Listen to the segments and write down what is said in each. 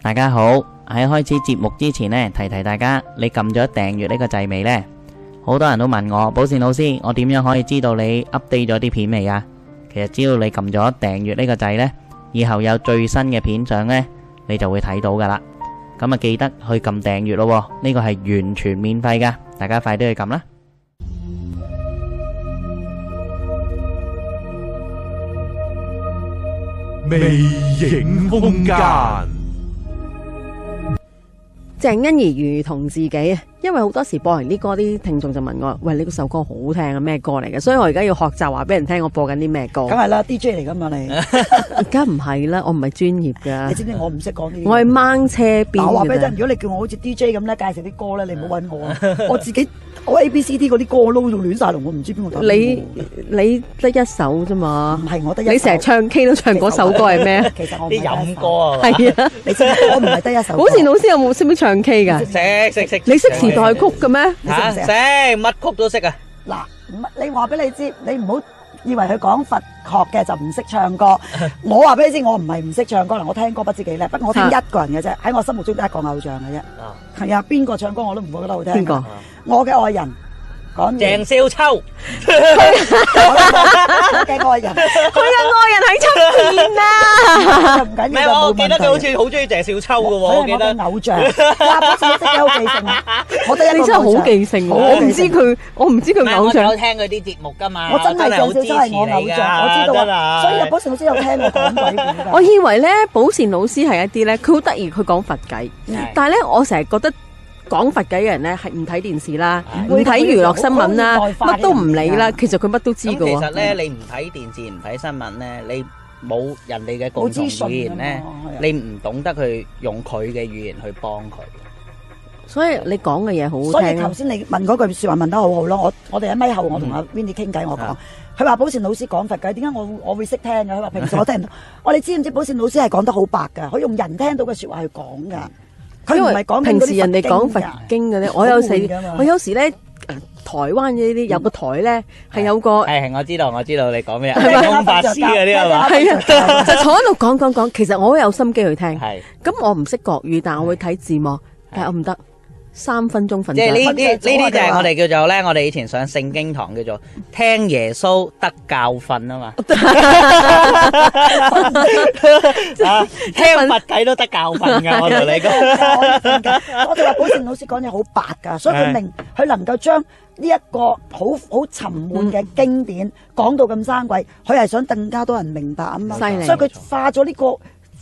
大家好，喺開始節目之前呢，提提大家，你撳咗訂閱呢個掣未呢？好多人都問我，寶善老師，我點樣可以知道你 update 咗啲片未啊？其實只要你撳咗訂閱呢個掣呢，以後有最新嘅片上呢，你就會睇到噶啦。咁啊，記得去撳訂閱咯，呢個係完全免費噶，大家快啲去撳啦。魅影空間。鄭欣兒如同自己啊。因為好多時播完啲歌，啲聽眾就問我，喂，呢個首歌好好聽啊，咩歌嚟嘅？所以我而家要學習話俾人聽，我播緊啲咩歌。咁係啦，DJ 嚟噶嘛你？而家唔係啦，我唔係專業噶。你知唔知我唔識講呢啲？我係掹車邊嘅。我話俾你聽，如果你叫我好似 DJ 咁咧，介紹啲歌咧，你唔好搵我啊！我自己我 A B C D 嗰啲歌，我撈到亂晒龍，我唔知邊個。你你得一首啫嘛？唔係我得。你成日唱 K 都唱嗰首歌係咩啊？其實我啲飲歌啊。係啊，我唔係得一首。寶善老師有冇識唔識唱 K 噶？識識識。你識？時代曲嘅，咩？啊，你識唔識？識乜曲都識啊！嗱，你話俾你知，你唔好以為佢講佛學嘅就唔識唱歌。我話俾你知，我唔係唔識唱歌啦，我聽歌不知幾叻。不過我聽一個人嘅啫，喺我心目中得一個偶像嘅啫。係啊，邊個唱歌我都唔會覺得好聽。邊個？我嘅愛人。講鄭少秋，佢嘅愛人，佢嘅愛人喺出面啊！唔緊要就冇問題。我記得佢好似好中意鄭少秋嘅喎，我記得偶像。阿寶老師有記性，我得一個好記性。我唔知佢，我唔知佢偶像。我聽佢啲節目噶嘛，我真係有，真係我偶像。我知道啊，所以阿寶善老師有聽我講鬼片。我以為咧，寶善老師係一啲咧，佢好得意，佢講佛偈，但係咧，我成日覺得。講佛偈嘅人咧，係唔睇電視啦，唔睇娛樂新聞啦，乜都唔理啦。其實佢乜都知噶喎。其實咧，你唔睇電視唔睇新聞咧，你冇人哋嘅共同語言咧，你唔懂得去用佢嘅語言去幫佢。所以你講嘅嘢好。所以頭先你問嗰句說話問得好好咯。我我哋喺咪後，我同阿 Vinny 傾偈，我講佢話：寶善老師講佛偈，點解我我會識聽嘅？佢話平時我聽唔到。我你知唔知寶善老師係講得好白噶？佢用人聽到嘅說話去講噶。佢因為平時人哋講佛經嘅咧，我有時、嗯、我有時咧，台灣呢啲有個台咧，係、嗯、有個係我知道我知道你講咩啊，空法師嗰啲係嘛，係啊就坐喺度講講講講，其實我都有心機去聽，係咁是我唔識國語，但係我會睇字幕，但係我唔得。三分鐘瞓，即係呢啲呢啲，就係我哋叫做咧，我哋以前上聖經堂叫做聽耶穌得教訓啊嘛，聽佛偈都得教訓噶，我同你講，我哋話寶善老師講嘢好白噶，所以佢明佢能夠將呢一個好好沉悶嘅經典講到咁生鬼，佢係想更加多人明白啊嘛，所以佢化咗呢個。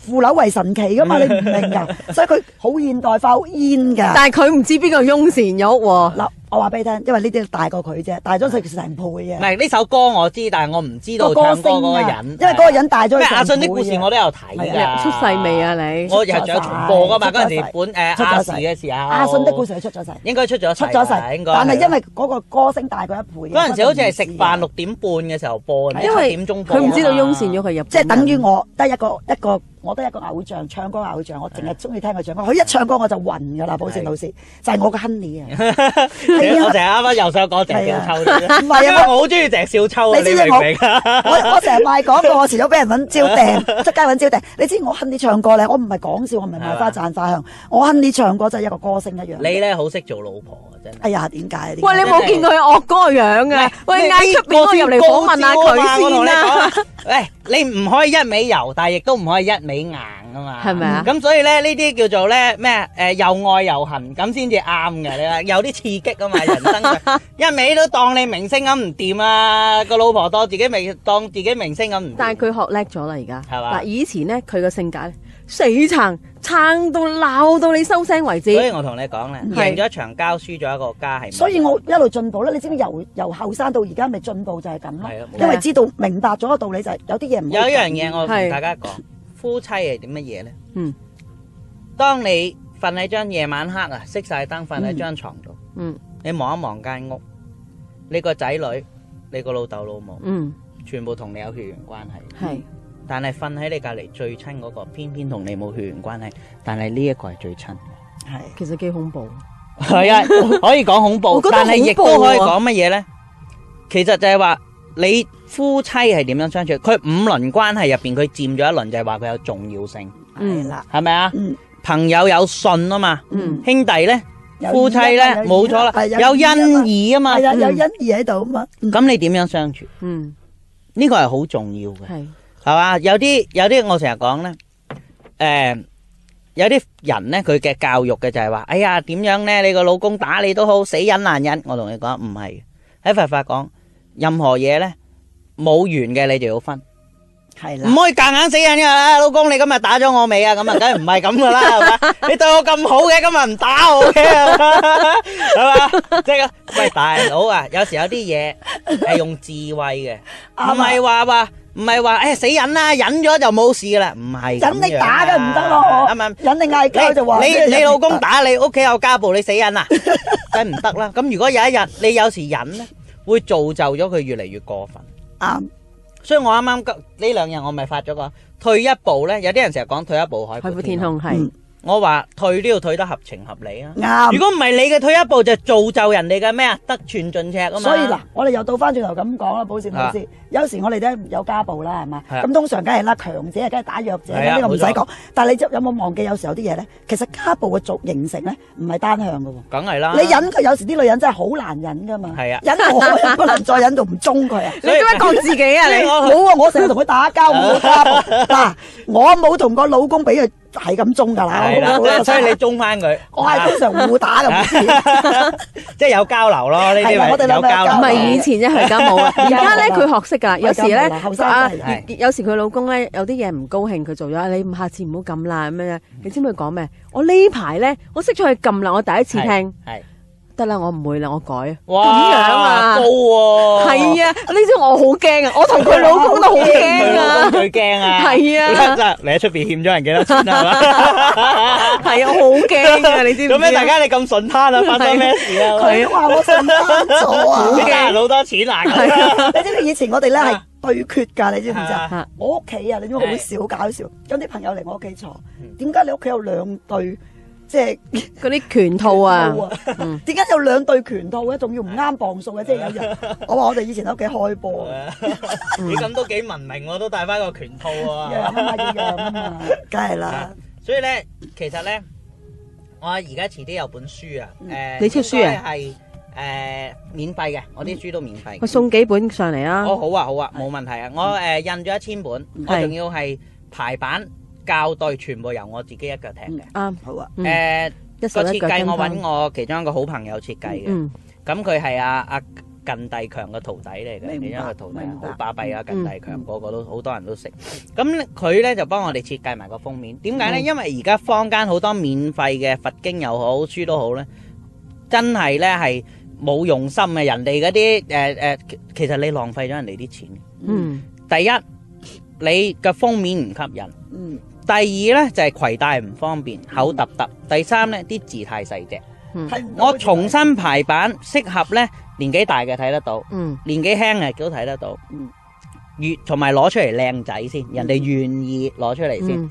負樓為神奇㗎嘛？你唔明㗎， 所以佢好現代化、好煙㗎。但係佢唔知邊個庸善有屋喎，啊。 我話俾你聽，因為呢啲大過佢啫，大咗世其實成倍啊！唔係呢首歌我知，但係我唔知道歌星嗰人，因為嗰人大咗。阿信的故事我都有睇出世未啊你？我又係在重播噶嘛？嗰時本出咗世嘅時候，阿信的故事出咗世，應該出咗世。出咗世但係因為嗰個歌星大過一倍。嗰陣時好似係食飯六點半嘅時候播嘅，七點鐘播。佢唔知道優先咗佢入，即係等於我得一個一個，我得一個偶像唱歌偶像，我淨係中意聽佢唱歌。佢一唱歌我就暈㗎啦，寶善老師就係我嘅 honey 啊！因我成日啱啱又想講鄭少秋，唔係啊！我好中意鄭少秋，啊你。你知唔知我，我我成日賣廣告，我遲早俾人揾招訂，出街揾招訂。你知我恨你唱歌咧。我唔係講笑，我唔係賣花讚花香。吧我恨你唱歌，就係一個歌星一樣你呢。你咧好識做老婆。哎呀，點解？喂，你冇見佢惡嗰個樣嘅？喂，嗌出邊個入嚟訪問下佢先啦。喂，你唔可以一味柔，但亦都唔可以一味硬噶嘛。係咪啊？咁所以咧，呢啲叫做咧咩？誒，又愛又恨，咁先至啱嘅。你話有啲刺激啊嘛，人生。一味都當你明星咁唔掂啊！個老婆當自己明當自己明星咁唔掂。但係佢學叻咗啦，而家係嘛？嗱，以前咧，佢個性格。死撐，撐到鬧到你收聲為止，所以我同你講啦，贏咗一場交，輸咗一個家係。所以我一路進步啦，你知唔知由由後生到而家咪進步就係咁咯。係啊，因為知道明白咗個道理就係有啲嘢唔。有一樣嘢我同大家講，夫妻係點乜嘢咧？嗯，當你瞓喺張夜晚黑啊，熄晒燈，瞓喺張床度，嗯，你望一望間屋，你個仔女，你個老豆老母，嗯，全部同你有血緣關係。係。.但係瞓喺你隔籬最親嗰個，偏偏同你冇血緣關係，但係呢一個係最親嘅，係其實幾恐怖，係啊，可以講恐怖，但係亦都可以講乜嘢咧？其實就係話你夫妻係點樣相處？佢五倫關係入邊，佢佔咗一倫，就係話佢有重要性，係啦，係咪啊？嗯，朋友有信啊嘛，嗯，兄弟咧，夫妻咧，冇錯啦，有恩義啊嘛，有有恩義喺度啊嘛，咁你點樣相處？嗯，呢個係好重要嘅，係。係嘛？有啲有啲，我成日講咧，誒，有啲人咧，佢嘅教育嘅就係話，哎呀，點樣咧？你個老公打你都好，死忍難忍。我同你講唔係，喺佛法講，任何嘢咧冇緣嘅，你就要分，係啦，唔可以夾硬死忍噶。老公，你今日打咗我未啊？咁啊，梗係唔係咁噶啦，係嘛？你對我咁好嘅，今日唔打我嘅，係嘛？即係個喂大佬啊，有時有啲嘢係用智慧嘅，係咪話話。唔係話誒死忍啦，忍咗就冇事啦，唔係忍你打嘅唔得咯，係咪？忍你嗌交就話你你老公打你，屋企有家暴，你死忍啦，梗唔得啦。咁如果有一日你有時忍咧，會造就咗佢越嚟越過分。啱，所以我啱啱呢兩日我咪發咗個退一步咧，有啲人成日講退一步海海闊天空係。我話退都要退得合情合理啊！啱，如果唔係你嘅退一步，就造就人哋嘅咩啊？得寸進尺啊嘛！所以嗱，我哋又倒翻轉頭咁講啦，寶善老師，有時我哋都有家暴啦，係嘛？咁通常梗係拉強者啊，梗係打弱者啦，呢個唔使講。但係你有冇忘記有時候啲嘢咧？其實家暴嘅造形成咧，唔係單向噶喎。梗係啦！你忍佢，有時啲女人真係好難忍噶嘛。係啊，忍到可以，不能再忍到唔中佢啊！你做乜講自己啊？你冇啊！我成日同佢打交，冇家暴嗱，我冇同個老公俾佢係咁中噶啦。係啦，所以你中翻佢。我係通常互打就唔少，即係有交流咯。呢啲係我哋諗，唔係以前啫，佢而家冇啦。而家咧佢學識噶，有時咧，有時佢老公咧有啲嘢唔高興，佢做咗，你下次唔好撳啦咁樣。你知唔知佢講咩？我呢排咧，我識咗佢撳啦，我第一次聽。得啦，我唔會啦，我改。哇！點樣啊？高喎！係啊，你知我好驚啊！我同佢老公都好驚啊！佢驚啊！係啊！真係你喺出邊欠咗人幾多錢啊？係啊，我好驚啊！你知唔知？做咩大家你咁順攤啊？發生咩事啊？係啊，我失咗啊！點解攞多錢嚟噶？你知唔知？以前我哋咧係對決噶，你知唔知啊？我屋企啊，你知唔知好少搞笑？有啲朋友嚟我屋企坐，點解你屋企有兩對？即係嗰啲拳套啊，點解有兩對拳套咧？仲要唔啱磅數嘅，即係有人。我話我哋以前喺屋企開波，你咁都幾文明我都帶翻個拳套喎。一樣一樣，梗係啦。所以咧，其實咧，我而家遲啲有本書啊，誒，你出書啊，係誒免費嘅，我啲書都免費。我送幾本上嚟啊！哦，好啊，好啊，冇問題啊。我誒印咗一千本，我仲要係排版。交代全部由我自己一腳踢嘅，啱好啊！誒，個設計我揾我其中一個好朋友設計嘅，咁佢係阿阿靳埭強嘅徒弟嚟嘅，其中一個徒弟好巴閉啊！靳埭強個個都好多人都識，咁佢咧就幫我哋設計埋個封面。點解咧？因為而家坊間好多免費嘅佛經又好，書都好咧，真係咧係冇用心呀。人哋嗰啲誒誒，其實你浪費咗人哋啲錢。嗯，第一你嘅封面唔吸引。嗯。第二呢，就係、是、攜帶唔方便，口凸凸。第三呢，啲字太細隻，嗯、我重新排版，適合呢年紀大嘅睇得到，嗯、年紀輕嘅都睇得到。越同埋攞出嚟靚仔先，人哋願意攞出嚟先。咁、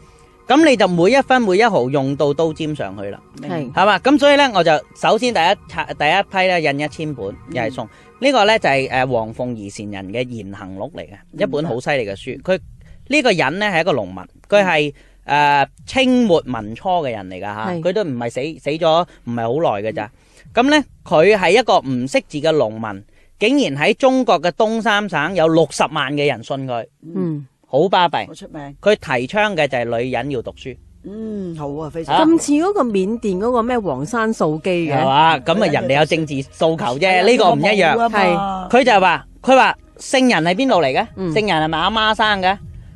嗯、你就每一分每一毫用到刀尖上去啦，係是，好嘛？咁所以呢，我就首先第一第一批呢印一千本，又係送呢、嗯、個呢，就係誒黃鳳儀善人嘅言行錄嚟嘅，一本好犀利嘅書，佢。呢個人呢係一個農民，佢係誒清末民初嘅人嚟㗎嚇，佢都唔係死死咗，唔係好耐㗎咋。咁呢，佢係一個唔識字嘅農民，竟然喺中國嘅東三省有六十萬嘅人信佢，嗯，好巴閉，好出名。佢提倡嘅就係女人要讀書，嗯，好啊，非常近似嗰個緬甸嗰個咩黃山素基嘅係咁啊，人哋有政治訴求啫，呢個唔一樣係佢就係話佢話聖人係邊度嚟嘅？聖人係咪阿媽生嘅？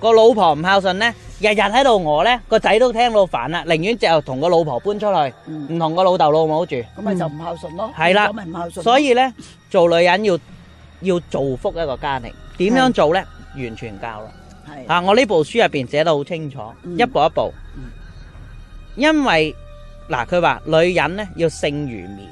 個老婆唔孝順咧，日日喺度餓咧，個仔都聽到煩啦，寧願就同個老婆搬出去，唔同個老豆老母住，咁咪就唔孝順咯。係啦，所以咧做女人要要造福一個家庭，點樣做咧？完全教啦，係啊，我呢部書入邊寫得好清楚，一步一步，因為嗱佢話女人咧要性如綿，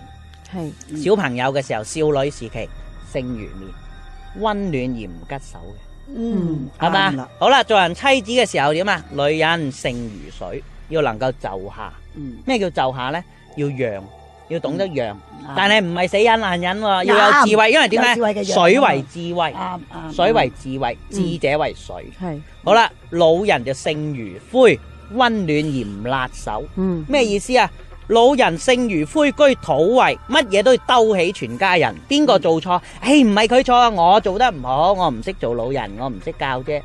係小朋友嘅時候，少女時期性如綿，溫暖而唔拮手嘅。嗯，係嘛、mm？ 好啦，做人妻子嘅時候點啊？女人性如水，要能夠就下。嗯，咩叫就下呢？要讓，要懂得讓，mm, 但係唔係死忍難忍，mm, 要有智慧。因為點咧？水為智慧，mm. 水為智慧，智者為水。係、mm, 了。好啦，老人就性如灰，溫暖而唔辣手。嗯，咩意思啊？老人剩如灰居土圍，乜嘢都要兜起全家人。邊個做錯？誒，唔係佢錯啊，我做得唔好，我唔識做老人，我唔識教啫。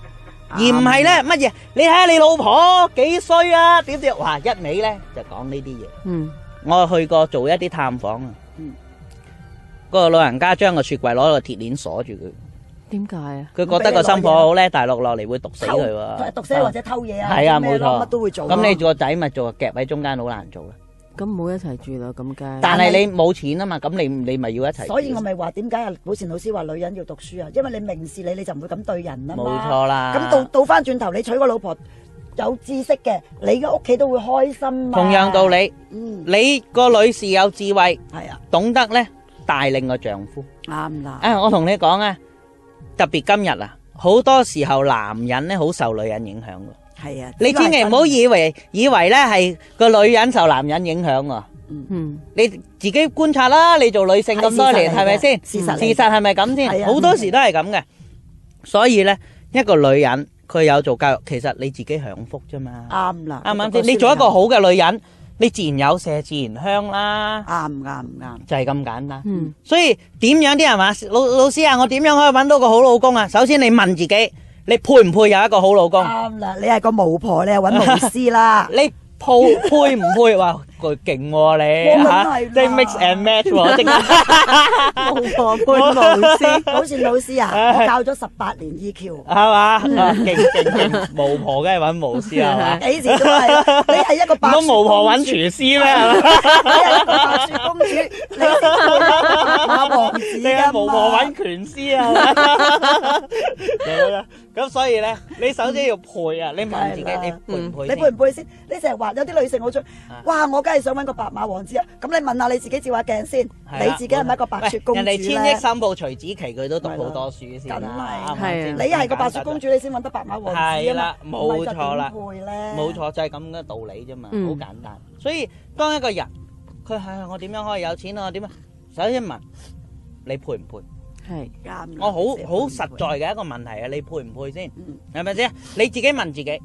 而唔係咧，乜嘢？你睇下你老婆幾衰啊？點點？哇，一味咧就講呢啲嘢。嗯，我去過做一啲探訪啊。嗯，個老人家將個雪櫃攞個鐵鏈鎖住佢。點解啊？佢覺得個心抱好叻，大陸落嚟會毒死佢喎。毒死或者偷嘢啊？係啊，冇錯。乜都會做。咁你做個仔咪做夾喺中間，好難做噶。咁冇一齊住啦，咁梗係。但係你冇錢啊嘛，咁你你咪要一齊。所以我咪話點解啊？以寶善老，老師話女人要讀書啊，因為你明事理，你就唔會咁對人啊嘛。冇錯啦。咁到倒翻轉頭，你娶個老婆有知識嘅，你嘅屋企都會開心嘛。同樣道理。嗯、你個女士有智慧，係啊、嗯，懂得呢，帶領個丈夫。啱啦。誒、哎，我同你講啊，特別今日啊，好多時候男人呢，好受女人影響噶。係啊，你千祈唔好以為以為咧，係個女人受男人影響啊！嗯嗯，你自己觀察啦，你做女性咁多年，係咪先事實？事實係咪咁先？好多時都係咁嘅。所以咧，一個女人佢有做教育，其實你自己享福啫嘛。啱啦，啱唔啱先？你做一個好嘅女人，你自然有麝自然香啦。啱唔啱？唔啱。就係咁簡單。嗯。所以點樣啲人話老老師啊？我點樣可以搵到個好老公啊？首先你問自己。你配唔配有一個好老公？你係個巫婆，你係揾巫師啦。 你配不配唔配？wow. 佢勁喎你，即係 mix and match 喎，巫婆配巫師，好似老師啊，我教咗十八年 E Q，係嘛，勁勁勁，巫婆梗係揾巫師係嘛，幾時都係，你係一個白，咁巫婆揾廚師咩？公主公主，你揾王子，你啊巫婆揾權師啊，咁所以咧，你首先要配啊，你問自己你配唔配先？你配唔配先？你成日話有啲女性好中，哇我嘅。都係想搵個白馬王子啊！咁你問下你自己照下鏡先，你自己係咪一個白雪公主咧？人哋千億新抱徐子淇佢都讀好多書先，係啊！你係個白雪公主，你先搵得白馬王子啊嘛！係啦，冇錯啦，冇錯就係咁嘅道理啫嘛，好簡單。所以當一個人，佢係我點樣可以有錢啊？我點樣啊？首先問你配唔配？係，我好好實在嘅一個問題啊！你配唔配先？係咪先？你自己問自己，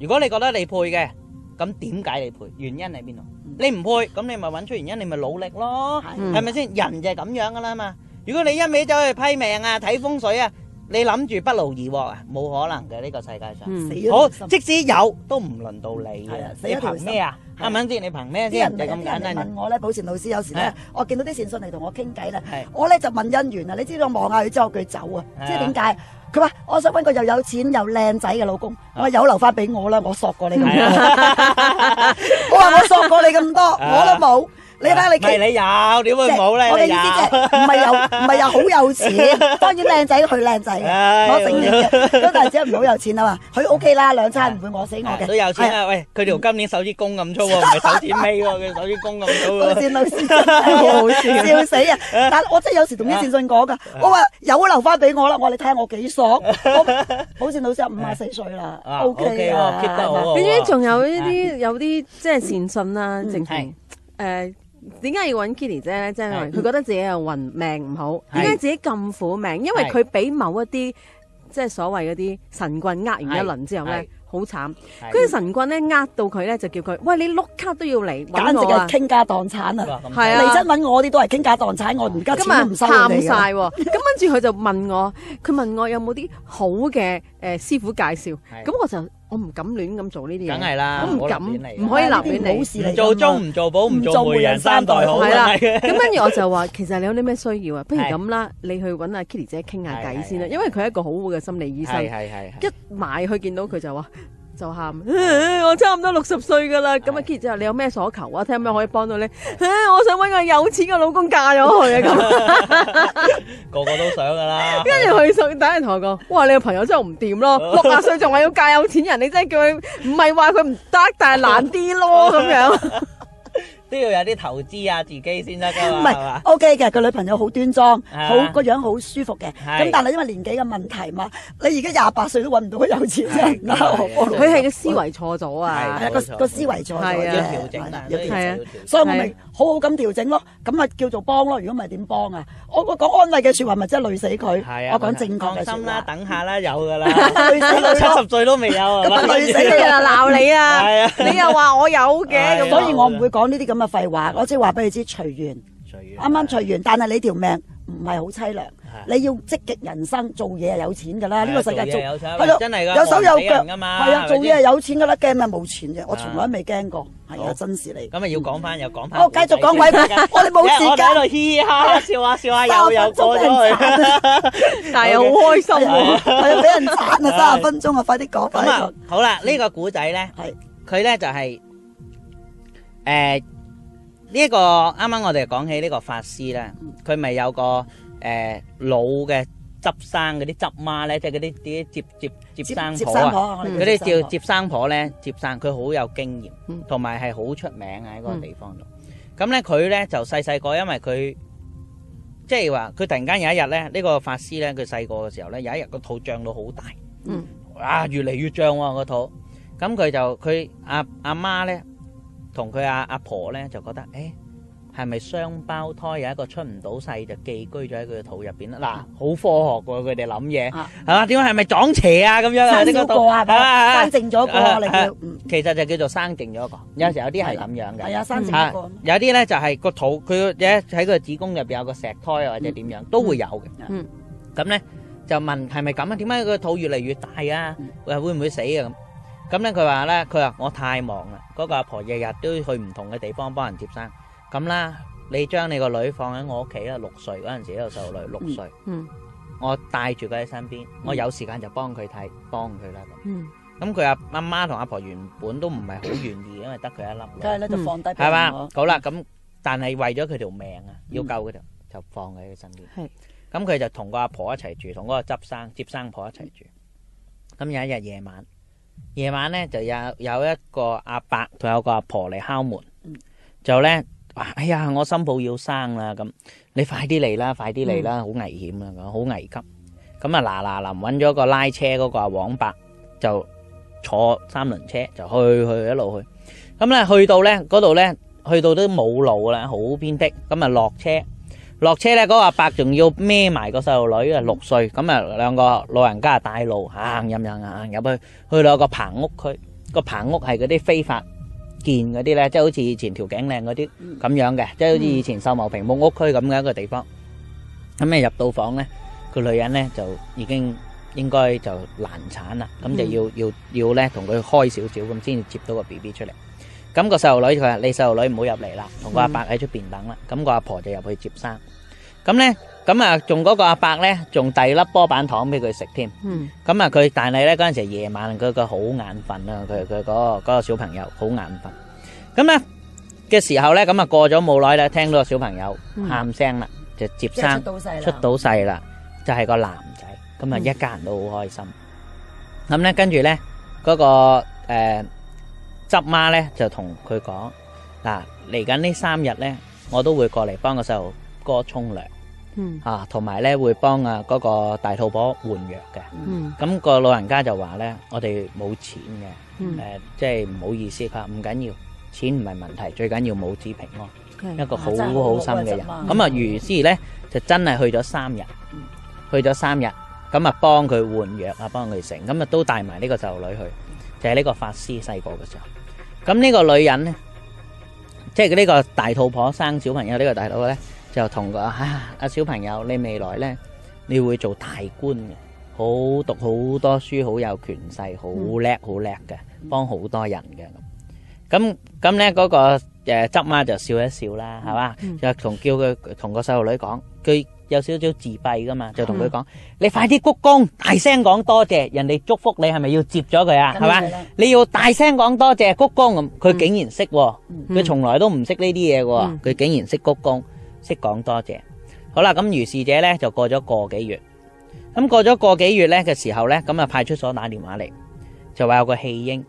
如果你覺得你配嘅。咁點解你配？原因喺邊度？你唔配，咁你咪搵出原因，你咪努力咯，係咪先？人就係咁樣噶啦嘛。如果你一味走去批命啊、睇風水啊，你諗住不勞而獲啊，冇可能嘅呢個世界上。好，即使有都唔輪到你嘅，你憑咩啊？啱唔啱先？你憑咩先？啲人問我咧，寶善老師有時咧，我見到啲線信嚟，同我傾偈啦，我咧就問姻緣啊，你知道望下佢之後佢走啊，即係點解？佢話：我想揾個又有錢又靚仔嘅老公。啊、我有留翻俾我啦，我索過你咁多。我 話 我索過你咁多，啊、我都冇。你睇下你，咪你有點解冇咧？我嘅意思啫，唔係有唔係又好有錢，當然靚仔佢靚仔，我承認嘅。嗰個阿仔唔好有錢啊嘛，佢 OK 啦，兩餐唔會餓死我嘅。都有錢啊！喂，佢條金鍊手指公咁粗喎，唔係手指尾喎，佢手指公咁粗喎。寶善老師，好笑死啊！但係我真係有時同啲善信講㗎，我話有留翻俾我啦，我話你睇下我幾爽。寶善老師五十四歲啦，OK 喎，keep 到喎。跟住仲有呢啲有啲即係善信啊，淨係誒。點解要揾 Kitty 姐咧，即係佢覺得自己又運命唔好，點解自己咁苦命？因為佢俾某一啲即係所謂嗰啲神棍呃完一輪之後咧，好慘。嗰啲神棍咧呃到佢咧，就叫佢喂你碌卡都要嚟，啊、簡直係傾家蕩產啊！係啊，嚟真揾我啲都係傾家蕩產，我而家錢都唔收我哋嘅。咁跟住佢就問我，佢問我有冇啲好嘅誒師傅介紹？咁 我就。我唔敢亂咁做呢啲嘢，梗係啦，我唔敢，唔可以立亂事嚟。做中唔做保，唔做媒人，三代好。係啦，咁跟住我就話，其實你有啲咩需要啊？不如咁啦，你去揾阿 Kitty 姐，傾下偈先啦，因為佢係一個好嘅心理醫生。係係係。一埋去見到佢就話。就喊、哎，我差唔多六十歲噶啦，咁啊 Kit 之後，你有咩所求啊？睇下有咩可以幫到你、哎。我想搵個有錢嘅老公嫁咗佢啊！咁，個個都想噶啦。跟住佢就打電話過同我講，哇！你個朋友真係唔掂咯，六十歲仲話要嫁有錢人，你真係叫佢唔係話佢唔得， 但係難啲咯咁樣。 都要有啲投資啊，自己先得噶。唔係，O K 嘅，個女朋友好端莊，好個樣好舒服嘅。咁但係因為年紀嘅問題嘛，你而家廿八歲都揾唔到個有錢人，佢係個思維錯咗啊，個思維錯咗，要調整，所以我咪好好咁調整咯，咁咪叫做幫咯。如果唔係點幫啊？我我講安慰嘅説話咪真係累死佢。我講正確嘅説話。放心啦，等下啦，有噶啦，累死佢七十歲都未有啊，累死㗎啦，鬧你啊！你又話我有嘅，所以我唔會講呢啲咁廢話，我即係話俾你知，隨緣，啱啱隨緣，但係你條命唔係好淒涼，你要積極人生，做嘢係有錢噶啦，呢個世界做嘢有手有腳噶嘛，係啊，做嘢係有錢噶啦，驚咪冇錢啫，我從來未驚過，係啊，真事嚟。咁咪要講翻，又講翻，我繼續講鬼，我哋冇時間，我喺度嘻嘻哈哈笑下笑下又又過咗去，但係又好開心喎，俾人斬啊三十分鐘啊，快啲講翻。咁啊，好啦，呢個古仔咧，係佢咧就係誒。呢個啱啱我哋講起呢個法師咧，佢咪有個誒老嘅執生嗰啲執媽咧，即係嗰啲啲接接接生婆啊，嗰啲叫接生婆咧，接生，佢好有經驗，同埋係好出名啊喺嗰個地方度。咁咧佢咧就細細個，因為佢即係話佢突然間有一日咧，呢個法師咧，佢細個嘅時候咧，有一日個肚脹到好大，嗯，哇越嚟越脹喎個肚，咁佢就佢阿阿媽咧。同佢阿阿婆咧就覺得，誒，係咪雙胞胎有一個出唔到世就寄居咗喺佢嘅肚入邊啦？嗱，好科學噶，佢哋諗嘢，係嘛？點解係咪撞邪啊？咁樣啊？生少個啊，生淨咗個啊，嚟叫。其實就叫做生淨咗個。有時候有啲係咁樣嘅。係啊，生淨一個。有啲咧就係個肚，佢嘅喺個子宮入邊有個石胎或者點樣，都會有嘅。嗯。咁咧就問係咪咁啊？點解佢個肚越嚟越大啊？會會唔會死啊？咁？咁咧，佢話咧：佢話我太忙啦，嗰、那個阿婆日日都去唔同嘅地方幫人接生。咁啦，你將你個女放喺我屋企啦，六歲嗰陣時喺度受累，六歲，嗯，嗯，我帶住佢喺身邊，我有時間就幫佢睇，幫佢啦。咁，咁佢阿阿媽同阿婆原本都唔係好願意，因為得佢一粒，粒，係啦，就放低俾佢。係嘛我，好啦，咁但係為咗佢條命啊，要救佢條就放喺佢身邊。係咁、嗯，佢就同個阿婆、婆一齊住，同嗰個執生接生婆、婆一齊住。咁、嗯、有一日夜晚。夜晚咧就有有一個阿伯同有個阿婆嚟敲門，就咧，哎呀，我新抱要生啦，咁你快啲嚟啦，快啲嚟啦，嗯、好危險啦、啊，好危急，咁啊嗱嗱臨揾咗個拉車嗰個阿黃伯就坐三輪車就去去一路去，咁咧去，去到咧嗰度咧，去到都冇路啦，好偏僻，咁啊落車。落車咧，嗰、那個阿伯仲要孭埋個細路女啊，六歲，咁啊兩個老人家帶路行，行行行入去，去到個棚屋區，個棚屋係嗰啲非法建嗰啲咧，即係好似以前條景嶺嗰啲咁樣嘅，即係好似以前秀茂坪木屋區咁嘅一個地方。咁咧入到房咧，個女人咧就已經應該就難產啦，咁就要要要咧同佢開少少咁，先接到個 B B 出嚟。咁個細路女佢話：你細路女唔好入嚟啦，同個阿伯喺出邊等啦。咁個阿婆就入去接生。咁咧，咁啊，仲嗰個阿伯咧，仲第二粒波板糖俾佢食添。咁啊，佢但係咧嗰陣時夜晚，佢個好眼瞓啊。佢佢嗰個嗰個小朋友好眼瞓。咁咧嘅時候咧，咁啊過咗冇耐啦，聽到個小朋友喊聲啦，就接生出到世啦，出到世啦，就係個男仔。咁啊，一家人都好開心。咁咧，跟住咧嗰個誒。執媽咧就同佢講，嗱，嚟緊呢三日咧，我都會過嚟幫個細路哥沖涼，啊，同埋咧會幫啊嗰個大肚婆換藥嘅。咁個老人家就話咧，我哋冇錢嘅，誒，即係唔好意思。佢話唔緊要，錢唔係問題，最緊要母子平安，一個好好心嘅人。咁啊，於是咧就真係去咗三日，去咗三日，咁啊幫佢換藥啊，幫佢成，咁啊都帶埋呢個細路女去，就係呢個法師細個嘅時候。咁呢個女人呢，即係呢個大肚婆生小朋友呢，呢個大佬呢，就同個啊小朋友，你未來呢，你會做大官嘅，好讀好多書，好有權勢，好叻好叻嘅，幫好多人嘅。咁咁咁嗰個。誒、呃、執媽就笑一笑啦，係嘛？嗯、就同叫佢同個細路女講，佢有少少自閉噶嘛，就同佢講：你快啲鞠躬，大聲講多謝，謝人哋祝福你，係咪要接咗佢啊？係嘛？嗯、你要大聲講多謝，謝鞠躬咁，佢竟然識喎，佢、嗯嗯、從來都唔識呢啲嘢喎，佢、嗯、竟然識鞠躬，識講多謝，謝。好啦，咁如是者呢就過咗個幾月，咁過咗個幾月呢嘅時候呢，咁啊派出所打電話嚟，就話有個棄嬰。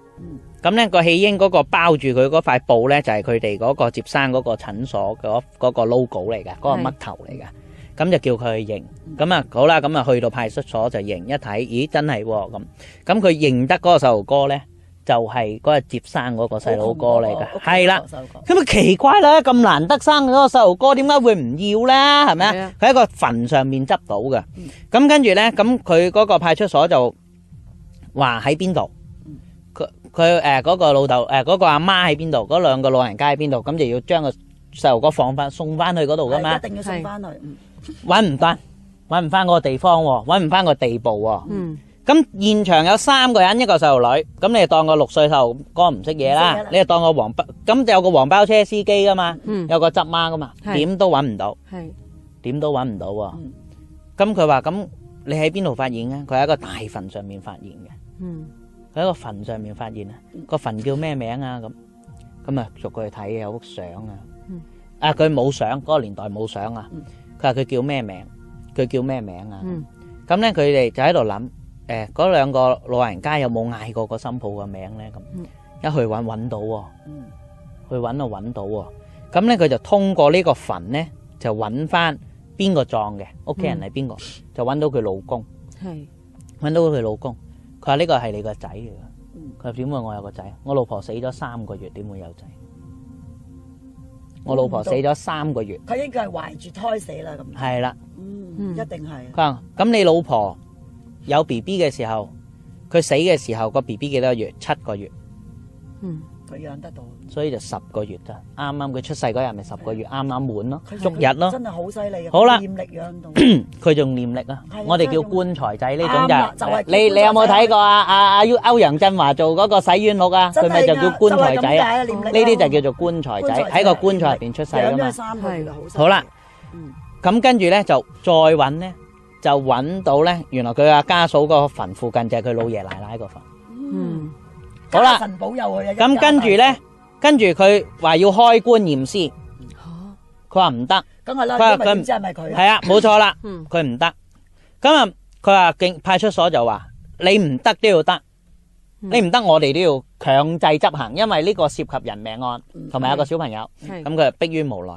咁咧個棄嬰嗰個包住佢嗰塊布咧，就係佢哋嗰個接生嗰個診所嗰嗰個 logo 嚟噶，嗰個乜頭嚟噶。咁就叫佢認。咁啊好啦，咁啊去到派出所就認一睇，咦，真係喎咁。咁佢認得嗰個細路哥咧，就係嗰日接生嗰個細路哥嚟噶。係啦。咁奇怪啦，咁難得生嗰個細路哥，點解會唔要咧？係咪啊？佢喺個墳上面執到嘅。咁跟住咧，咁佢嗰個派出所就話喺邊度？佢誒嗰個老豆誒嗰個阿媽喺邊度？嗰兩個老人家喺邊度？咁就要將個細路哥放翻送翻去嗰度噶嘛？一定要送翻去。嗯是，揾唔翻，揾唔翻嗰個地方喎、啊，揾唔翻個地步喎、啊。嗯。咁現場有三個人，一個細路女，咁你就當個六歲細路哥唔識嘢啦，啦你就當個黃包，咁就有個黃包車司機噶嘛，嗯、有個執媽噶嘛，點是都揾唔到，點是都揾唔到喎、啊。嗯。咁佢話：咁你喺邊度發現嘅？佢喺一個大墳上面發現嘅。嗯。喺個墳上面發現啊，個墳叫咩名啊？咁咁啊，逐個去睇，有幅相啊。啊，佢冇相，嗰個年代冇相啊。佢話佢叫咩名？佢叫咩名啊？咁咧，佢哋就喺度諗，誒嗰兩個老人家有冇嗌過個心抱個名咧？咁一去揾揾到喎，去揾就揾到喎。咁咧，佢就通過呢個墳咧，就揾翻邊個葬嘅屋企人係邊個，就揾到佢老公，係揾到佢老公。佢話呢個係你個仔嚟㗎。佢話點會我有個仔？我老婆死咗三個月，點會有仔？我老婆死咗三個月，佢應該係懷住胎死啦。咁係啦，嗯，一定係。佢話：咁你老婆有 B B 嘅時候，佢死嘅時候 BB 個 B B 幾多月？七個月。嗯，佢養得到。所以就十個月噶，啱啱佢出世嗰日咪十個月，啱啱滿咯，逐日咯，真係好犀利啊！好啦，念力養動，佢仲，念力啊！我哋叫棺材仔呢種就係，你你有冇睇過啊？阿阿歐歐陽震華做嗰個洗冤錄啊，佢咪就叫棺材仔啊？呢啲就叫做棺材仔，喺個棺材入邊出世噶嘛。係啦，好啦，咁跟住咧就再揾咧，就揾到咧，原來佢阿家嫂個墳附近就係佢老爺奶奶個墳。嗯，好啦，神保佑佢啊！咁跟住咧。跟住佢話要開棺驗屍，佢話唔得，咁係佢唔知係咪佢，係啊，冇錯啦，佢唔得，咁 啊，佢話警派出所就話你唔得都要得，你唔得 我哋都要強制執行，因為呢個涉及人命案，同埋有個小朋友，咁佢就逼於無奈，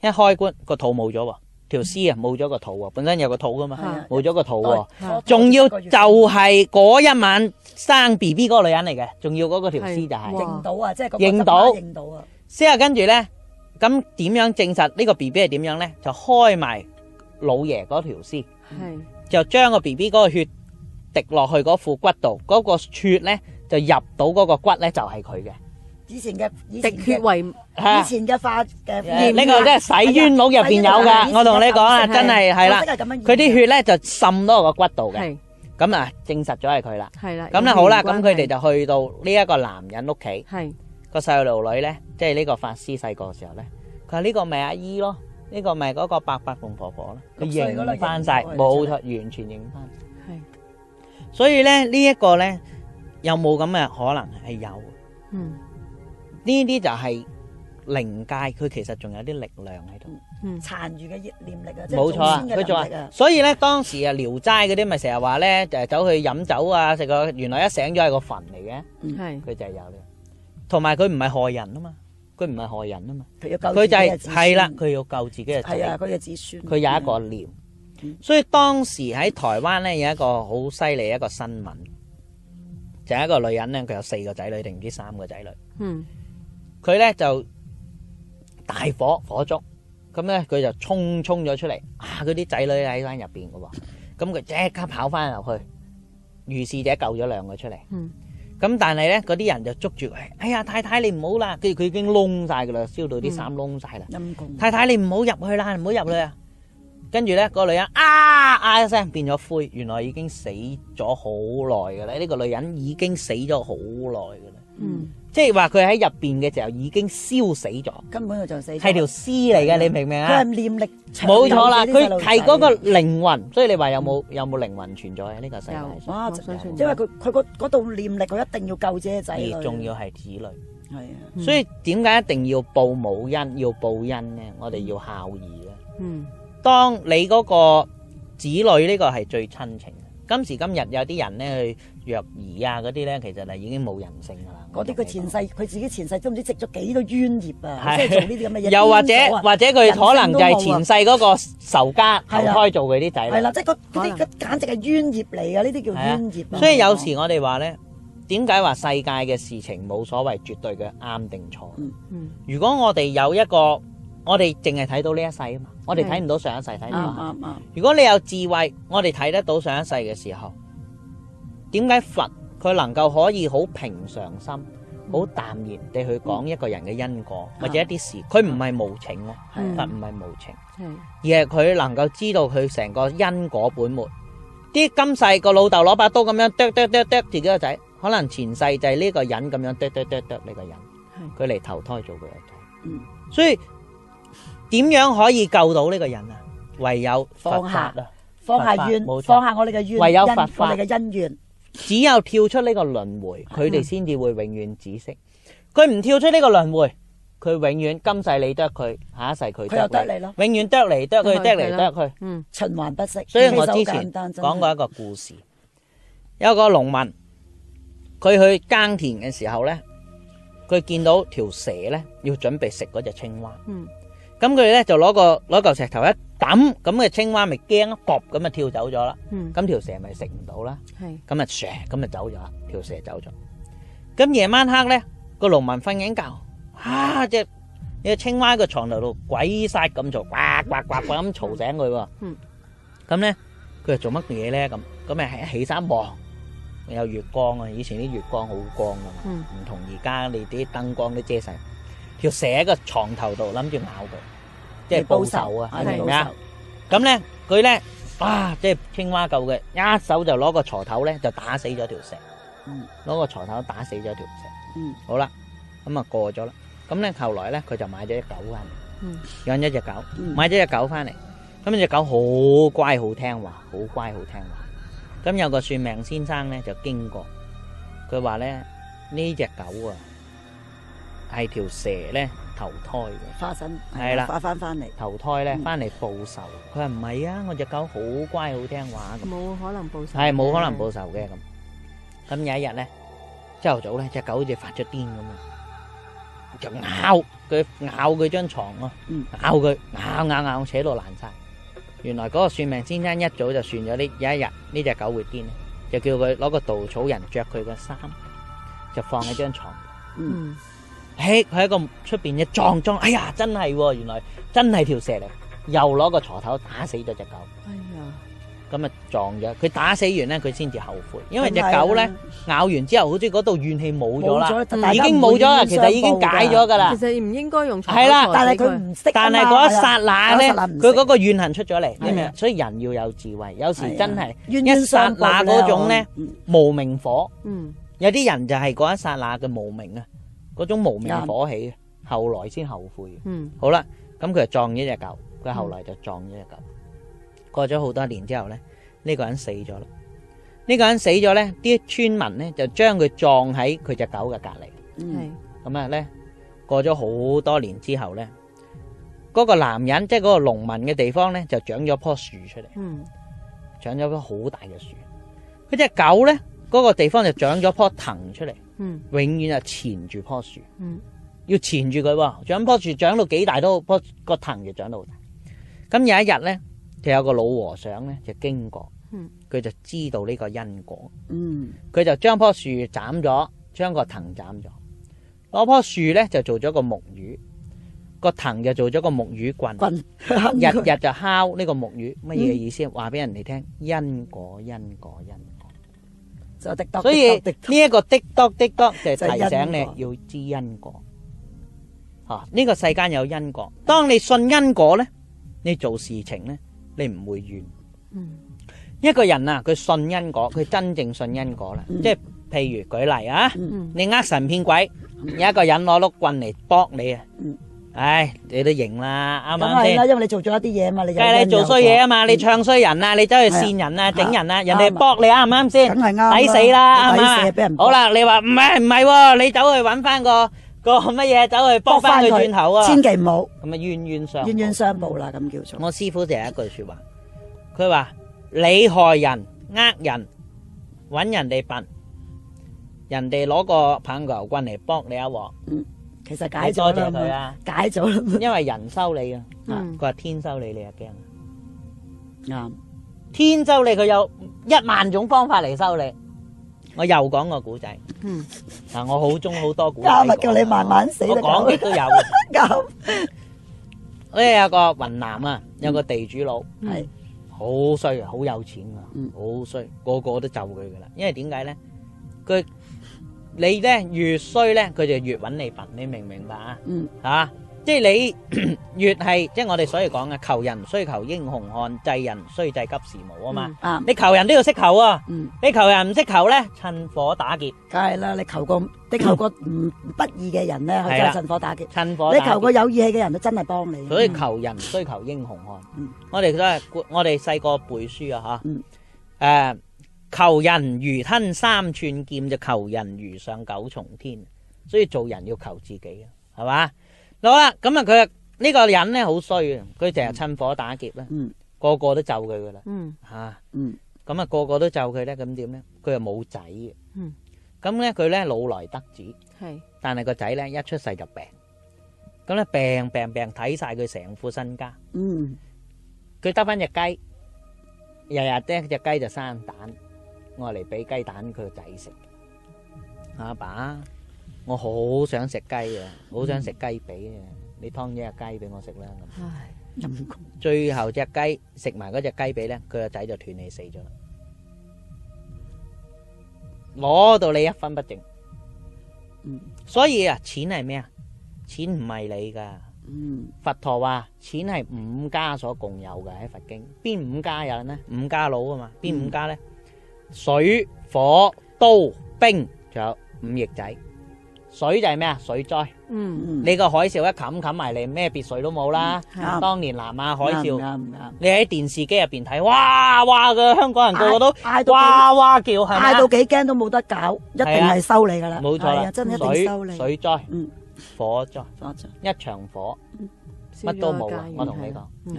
一開棺個肚冇咗喎。條屍啊，冇咗個肚啊，本身有個肚噶嘛，冇咗個肚喎，仲要就係嗰一晚生 B B 嗰個女人嚟嘅。仲要嗰個條屍就係認到啊，即係咁認到認到啊，之後跟住咧，咁點樣證實呢個 B B 係點樣咧？就開埋老爺嗰條屍，就將個 B B 嗰個血滴落去嗰副骨度，嗰個血咧就入到嗰個骨咧就係佢嘅。以前嘅以滴血為，以前嘅化嘅，呢個咧洗冤錄入邊有噶。我同你講啊，真係係啦，佢啲血咧就滲多個骨度嘅。係咁啊，證實咗係佢啦。係啦，咁咧好啦，咁佢哋就去到呢一個男人屋企，係個細路女咧，即係呢個法師細個嘅時候咧，佢話呢個咪阿姨咯，呢個咪嗰個伯伯同婆婆咯，認翻晒冇錯，完全認翻係。所以咧呢一個咧，有冇咁嘅可能係有嗯？呢啲就係靈界，佢其實仲有啲力量喺度，殘餘嘅念力啊，冇錯啊，佢仲話所以咧，當時啊，聊齋嗰啲咪成日話咧，就係走去飲酒啊，食個原來一醒咗係個墳嚟嘅，係佢就係有嘅。同埋佢唔係害人啊嘛，佢唔係害人啊嘛，佢要救佢就係係啦，佢要救自己嘅仔，佢嘅子孫。佢有一個念，所以當時喺台灣咧有一個好犀利一個新聞，就係一個女人咧佢有四個仔女定唔知三個仔女。佢咧就大火火燭，咁咧佢就衝衝咗出嚟，啊！嗰啲仔女喺山入邊噶喎，咁佢即刻跑翻入去，如是者救咗兩個出嚟。嗯，咁但係咧嗰啲人就捉住佢，哎呀太太你唔好啦，跟住佢已經窿晒噶啦，燒到啲衫窿晒啦。陰公太太你唔好入去啦，唔好入去啊！跟住咧個女人啊啊一聲變咗灰，原來已經死咗好耐噶啦，呢個女人已經死咗好耐噶啦。嗯。即係話佢喺入邊嘅時候已經燒死咗，根本就就死，係條屍嚟嘅。的你明唔明啊？佢係念力，冇錯啦，佢係嗰個靈魂，所以你話有冇有冇靈、嗯、魂存在喺呢、這個世界？因為佢佢嗰度念力，佢一定要救姐仔，而仲要係子女。係啊，的所以點解一定要報母恩，要報恩咧？我哋要孝義咧。嗯，當你嗰個子女呢個係最親情。今時今日有啲人咧去虐兒啊嗰啲咧，其實係已經冇人性噶啦。嗰啲佢前世佢自己前世都唔知積咗幾多冤孽啊！即係做呢啲咁嘅嘢。又或者或者佢可能就係前世嗰個仇家，投胎做佢啲仔。係啦，即係嗰嗰啲，佢簡直係冤孽嚟噶，呢啲叫冤孽。所以有時我哋話咧，點解話世界嘅事情冇所謂絕對嘅啱定錯？如果我哋有一個，我哋淨係睇到呢一世啊嘛，我哋睇唔到上一世，睇到啊，如果你有智慧，我哋睇得到上一世嘅時候，點解佛？佢能夠可以好平常心、好、嗯、淡然地去講一個人嘅因果，嗯、或者一啲事，佢唔係無情咯，佛唔係無情，而係佢能夠知道佢成個因果本末。啲今世個老豆攞把刀咁樣剁剁剁剁自己個仔，可能前世就係呢個人咁樣剁剁剁剁呢個人，佢嚟、嗯、投胎做佢個仔。嗯、所以點樣可以救到呢個人啊？唯有放下，放下怨，冇錯，放下我哋嘅怨因，我哋嘅恩怨。只有跳出呢個輪回，佢哋先至會永遠止息。佢唔跳出呢個輪回，佢永遠今世你得佢，下一世佢得你，得你永遠得嚟，得去，嗯、得嚟得去、嗯，循環不息。所以我之前講過一個故事，有個農民，佢去耕田嘅時候呢，佢見到條蛇呢，要準備食嗰隻青蛙，咁佢呢，嗯、就攞個攞個石頭。抌咁嘅青蛙咪驚咯，搏咁咪跳走咗啦。咁條蛇咪食唔到啦。咁咪蛇咁咪走咗，條蛇走咗。咁夜晚黑咧，個農民瞓緊覺，啊只隻青蛙喺個床頭度鬼殺咁嘈，呱呱呱咁嘈醒佢喎。咁咧佢又做乜嘢咧？咁咁咪係起身望，有月光啊。以前啲月光好光噶嘛，唔同而家你啲燈光都遮晒。條蛇喺個床頭度諗住咬佢。即係報仇啊，係咪啊？咁咧，佢咧，哇！即係青蛙救嘅，一手就攞個鋤頭咧，就打死咗條蛇。攞個鋤頭打死咗條蛇。好啦，咁啊過咗啦。咁咧後來咧，佢就買咗隻狗翻嚟，養咗隻狗，買咗隻狗翻嚟。咁呢隻狗好乖，好聽話，好乖，好聽話。咁有個算命先生咧就經過，佢話咧呢隻狗啊係條蛇咧。投胎嘅化身，係啦，翻翻翻嚟投胎咧，翻嚟報仇。佢話唔係啊，我隻狗好乖好聽話咁。冇可能報仇，係冇可能報仇嘅咁。咁有一日咧，朝頭早咧，隻狗好似發咗癲咁啊，就咬佢咬佢張床咯，咬佢咬咬咬，扯到爛晒。原來嗰個算命先生一早就算咗呢，有一日呢隻狗會癲，就叫佢攞個稻草人着佢嘅衫，就放喺張床。嗯。嘿，佢喺個出邊一撞撞，哎呀，真係，原來真係條蛇嚟，又攞個鋤頭打死咗隻狗。哎呀，咁啊撞咗，佢打死完咧，佢先至後悔，因為隻狗咧咬完之後，好似嗰度怨氣冇咗啦，已經冇咗啦，其實已經解咗噶啦。其實唔應該用鋤頭，但係佢唔識。但係嗰一剎那咧，佢嗰個怨恨出咗嚟，所以人要有智慧，有時真係一剎那嗰種咧無名火。嗯。有啲人就係嗰一剎那嘅無名啊。嗰種無名火起，嗯、後來先後悔。嗯，好啦，咁佢就撞咗隻狗，佢後來就撞咗隻狗。嗯、過咗好多年之後咧，呢、呢個人死咗啦。呢、呢個人死咗咧，啲村民咧就將佢葬喺佢隻狗嘅隔籬。嗯，咁啊咧，過咗好多年之後咧，嗰、嗰個男人即係嗰個農民嘅地方咧，就長咗棵樹出嚟。嗯，長咗棵好大嘅樹。嗰隻狗咧。嗰個地方就長咗棵藤出嚟，嗯、永遠就纏住棵樹，嗯、要纏住佢喎。長棵樹長到幾大都棵個藤就長到大。咁有一日咧，就有個老和尚咧就經過，佢、嗯、就知道呢個因果。佢、嗯、就將棵樹斬咗，將個藤斬咗，攞棵樹咧就做咗個木魚，個藤就做咗個木魚棍，日日棍 就敲呢個木魚，乜嘢意思？話俾、嗯嗯、人哋聽因果因果因。所以呢一個的多滴多就提醒你要知因果，吓、啊、呢、這個世間有因果。當你信因果呢，你做事情呢，你唔會怨。嗯、一個人啊，佢信因果，佢真正信因果啦。嗯、即係譬如舉例啊，你呃神騙鬼，有一個人攞碌棍嚟幫你啊。嗯嗯唉，你都認啦，啱唔啱先？咁係啦，因為你做咗一啲嘢嘛，你梗係你做衰嘢啊嘛，你唱衰人啊，你走去扇人啊，整人啊，人哋搏你啱唔啱先？梗係啱，抵死啦，係咪？好啦，你話唔係唔係喎，你走去搵翻個個乜嘢，走去搏翻佢轉頭啊，千祈唔好。咁咪冤冤相冤冤相報啦，咁叫做。我師父就係一句說話，佢話你害人、呃人、搵人哋笨，人哋攞個棒球棍嚟搏你一鑊。其實解咗啦，解咗啦。因為人收你啊，佢話天收你，你又驚。啱，天收你，佢有一萬種方法嚟收你。我又講個古仔。嗯。嗱，我好鍾好多古仔，加埋叫你慢慢死啦。我講嘅都有。咁，咧有個雲南啊，有個地主佬係好衰啊，好有錢啊，好衰，個個都就佢噶啦。因為點解咧？佢你咧越衰咧，佢就越揾你笨，你明唔明白？嗯、啊？嗯，啊，即係你越係，即係我哋所以講啊，求人需求英雄漢，濟人需濟急時無、嗯、啊嘛。啊，你求人都要識求啊。嗯，你求人唔識求咧，趁火打劫。梗係啦，你求個你求個唔不義嘅人咧，佢就、嗯、趁火打劫。趁火，你求個有義氣嘅人，都真係幫你。嗯啊、所以求人需求英雄漢。我哋都係我哋細個背書啊吓。誒。求人如吞三寸劍，就求人如上九重天。所以做人要求自己，係嘛？好啦。咁、嗯、啊，佢呢、嗯、個人咧好衰嘅，佢成日趁火打劫啦。嗯，個個都咒佢噶啦。嗯，吓嗯咁啊，個個都咒佢咧。咁點咧？佢又冇仔嘅。嗯，咁咧佢咧老來得子係，但係個仔咧一出世就病，咁咧病病病睇晒佢成副身家。嗯，佢得返隻雞，日日啲隻雞就生蛋。我嚟俾雞蛋佢個仔食。阿爸，爸，我好想食雞啊，好、嗯、想食雞髀啊！你劏隻雞俾我食啦咁。係唉最後隻雞食埋嗰隻雞髀咧，佢個仔就斷氣死咗啦。攞到你一分不剩。嗯。所以啊，錢係咩啊？錢唔係你噶。嗯。佛陀話：錢係五家所共有嘅喺佛經。邊五家人咧？五家佬啊嘛。邊五家咧？嗯水、火、刀、兵，仲有五翼仔。水就係咩啊？水災。嗯嗯。你個海嘯一冚冚埋嚟，咩別墅都冇啦。當年南亞海嘯，唔啱唔啱。你喺電視機入邊睇，哇哇嘅香港人個個都哇哇叫，嗌到幾驚都冇得搞，一定係收你噶啦，冇錯啦，真係一定收你。水災，嗯，火災，火災，一場火，乜都冇啊！我同你講，係